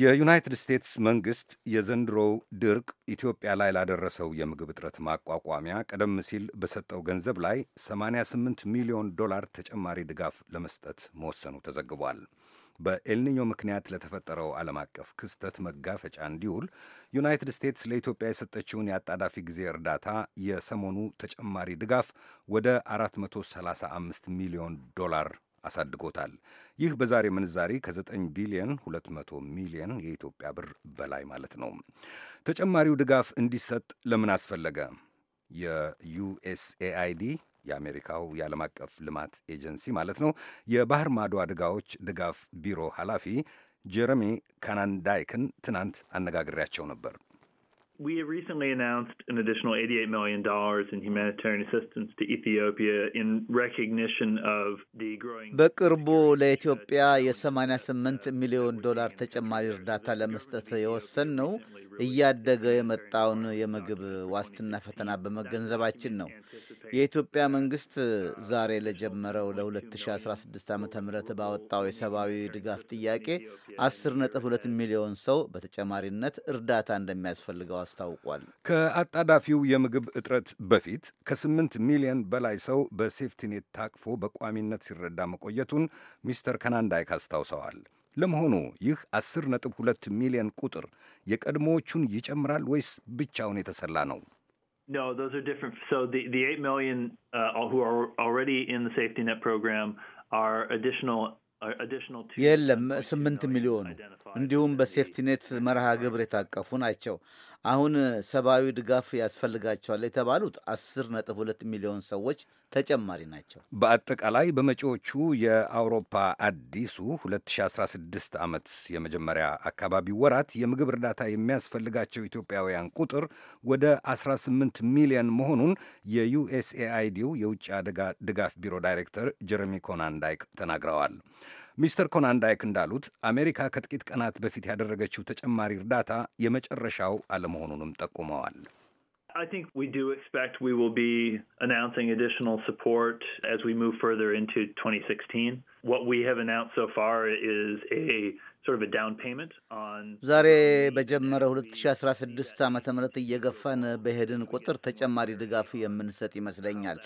የዩናይትድ ስቴትስ መንግስት የዘንድሮው ድርቅ ኢትዮጵያ ላይ ላደረሰው የምግብ እጥረት ማቋቋሚያ ቀደም ሲል በሰጠው ገንዘብ ላይ 88 ሚሊዮን ዶላር ተጨማሪ ድጋፍ ለመስጠት መወሰኑ ተዘግቧል። በኤልኒኞ ምክንያት ለተፈጠረው ዓለም አቀፍ ክስተት መጋፈጫ እንዲውል ዩናይትድ ስቴትስ ለኢትዮጵያ የሰጠችውን የአጣዳፊ ጊዜ እርዳታ የሰሞኑ ተጨማሪ ድጋፍ ወደ 435 ሚሊዮን ዶላር አሳድጎታል። ይህ በዛሬ ምንዛሪ ከ9 ቢሊዮን 200 ሚሊዮን የኢትዮጵያ ብር በላይ ማለት ነው። ተጨማሪው ድጋፍ እንዲሰጥ ለምን አስፈለገ? የዩኤስኤአይዲ የአሜሪካው የዓለም አቀፍ ልማት ኤጀንሲ ማለት ነው የባህር ማዶ አደጋዎች ድጋፍ ቢሮ ኃላፊ ጀረሚ ካናንዳይክን ትናንት አነጋግሬያቸው ነበር። We have recently announced an additional $88 million in humanitarian assistance to Ethiopia in recognition of the growing በቅርቡ ለኢትዮጵያ የ88 ሚሊዮን ዶላር ተጨማሪ እርዳታ ለመስጠት የወሰን ነው እያደገ የመጣውን የምግብ ዋስትና ፈተና በመገንዘባችን ነው። የኢትዮጵያ መንግስት ዛሬ ለጀመረው ለ2016 ዓ ም ባወጣው የሰብአዊ ድጋፍ ጥያቄ 12 ሚሊዮን ሰው በተጨማሪነት እርዳታ እንደሚያስፈልገው አስታውቋል። ከአጣዳፊው የምግብ እጥረት በፊት ከ8 ሚሊዮን በላይ ሰው በሴፍቲኔት ታቅፎ በቋሚነት ሲረዳ መቆየቱን ሚስተር ከናንዳይክ አስታውሰዋል። ለመሆኑ ይህ 10.2 ሚሊዮን ቁጥር የቀድሞዎቹን ይጨምራል ወይስ ብቻውን የተሰላ ነው? No, those are different. So the, the 8 million uh, who are already in the safety net program are additional uh, የለም ስምንት ሚሊዮኑ እንዲሁም በሴፍቲኔት መርሃ ግብር የታቀፉ ናቸው። አሁን ሰብአዊ ድጋፍ ያስፈልጋቸዋል የተባሉት 10.2 ሚሊዮን ሰዎች ተጨማሪ ናቸው። በአጠቃላይ በመጪዎቹ የአውሮፓ አዲሱ 2016 ዓመት የመጀመሪያ አካባቢ ወራት የምግብ እርዳታ የሚያስፈልጋቸው ኢትዮጵያውያን ቁጥር ወደ 18 ሚሊዮን መሆኑን የዩኤስኤአይዲው የውጭ አደጋ ድጋፍ ቢሮ ዳይሬክተር ጀረሚ ኮናንዳይክ ተናግረዋል። ሚስተር ኮናንዳይክ እንዳሉት አሜሪካ ከጥቂት ቀናት በፊት ያደረገችው ተጨማሪ እርዳታ የመጨረሻው አለመሆኑንም ጠቁመዋል። I think we do expect we will be announcing additional support as we move further into 2016. What we have announced so far is a sort of a down payment on ዛሬ በጀመረ 2016 ዓ.ም እየገፋን በሄድን ቁጥር ተጨማሪ ድጋፍ የምንሰጥ ይመስለኛል።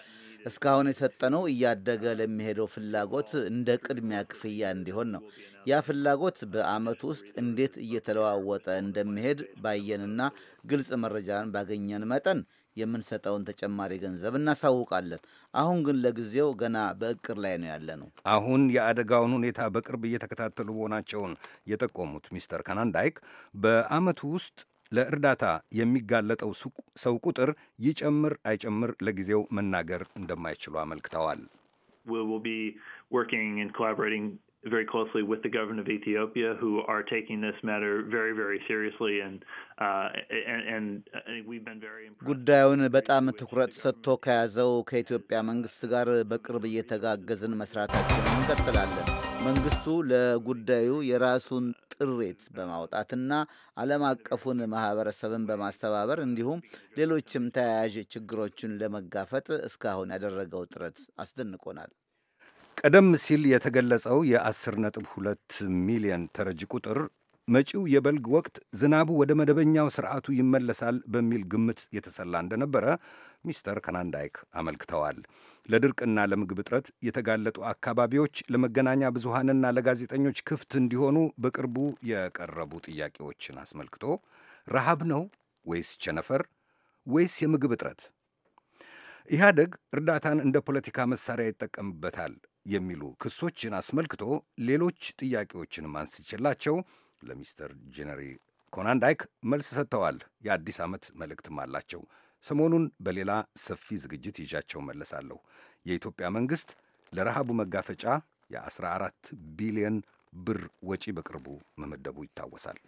እስካሁን የሰጠነው እያደገ ለሚሄደው ፍላጎት እንደ ቅድሚያ ክፍያ እንዲሆን ነው። ያ ፍላጎት በአመት ውስጥ እንዴት እየተለዋወጠ እንደሚሄድ ባየንና ግልጽ መረጃን ባገኘን መጠን የምንሰጠውን ተጨማሪ ገንዘብ እናሳውቃለን። አሁን ግን ለጊዜው ገና በእቅር ላይ ነው ያለ ነው። አሁን የአደጋውን ሁኔታ በቅርብ እየተከታተሉ መሆናቸውን የጠቆሙት ሚስተር ከናንዳይክ በአመቱ ውስጥ ለእርዳታ የሚጋለጠው ሰው ቁጥር ይጨምር አይጨምር ለጊዜው መናገር እንደማይችሉ አመልክተዋል። very closely with the government of Ethiopia, who are taking this matter very, very seriously, and uh, and, and we've been very impressed. ጉዳዩን በጣም ትኩረት ሰጥቶ ከያዘው ከኢትዮጵያ መንግስት ጋር በቅርብ እየተጋገዝን መስራታችንን እንቀጥላለን። መንግስቱ ለጉዳዩ የራሱን ጥሬት በማውጣትና ዓለም አቀፉን ማህበረሰብን በማስተባበር እንዲሁም ሌሎችም ተያያዥ ችግሮችን ለመጋፈጥ እስካሁን ያደረገው ጥረት አስደንቆናል። ቀደም ሲል የተገለጸው የ10.2 ሚሊዮን ተረጂ ቁጥር መጪው የበልግ ወቅት ዝናቡ ወደ መደበኛው ስርዓቱ ይመለሳል በሚል ግምት የተሰላ እንደነበረ ሚስተር ከናንዳይክ አመልክተዋል። ለድርቅና ለምግብ እጥረት የተጋለጡ አካባቢዎች ለመገናኛ ብዙሃንና ለጋዜጠኞች ክፍት እንዲሆኑ በቅርቡ የቀረቡ ጥያቄዎችን አስመልክቶ ረሃብ ነው ወይስ ቸነፈር ወይስ የምግብ እጥረት? ኢህአደግ እርዳታን እንደ ፖለቲካ መሳሪያ ይጠቀምበታል የሚሉ ክሶችን አስመልክቶ ሌሎች ጥያቄዎችንም አንስችላቸው ለሚስተር ጄነሪ ኮናንዳይክ መልስ ሰጥተዋል። የአዲስ ዓመት መልእክትም አላቸው። ሰሞኑን በሌላ ሰፊ ዝግጅት ይዣቸው መለሳለሁ። የኢትዮጵያ መንግሥት ለረሃቡ መጋፈጫ የ14 ቢሊዮን ብር ወጪ በቅርቡ መመደቡ ይታወሳል።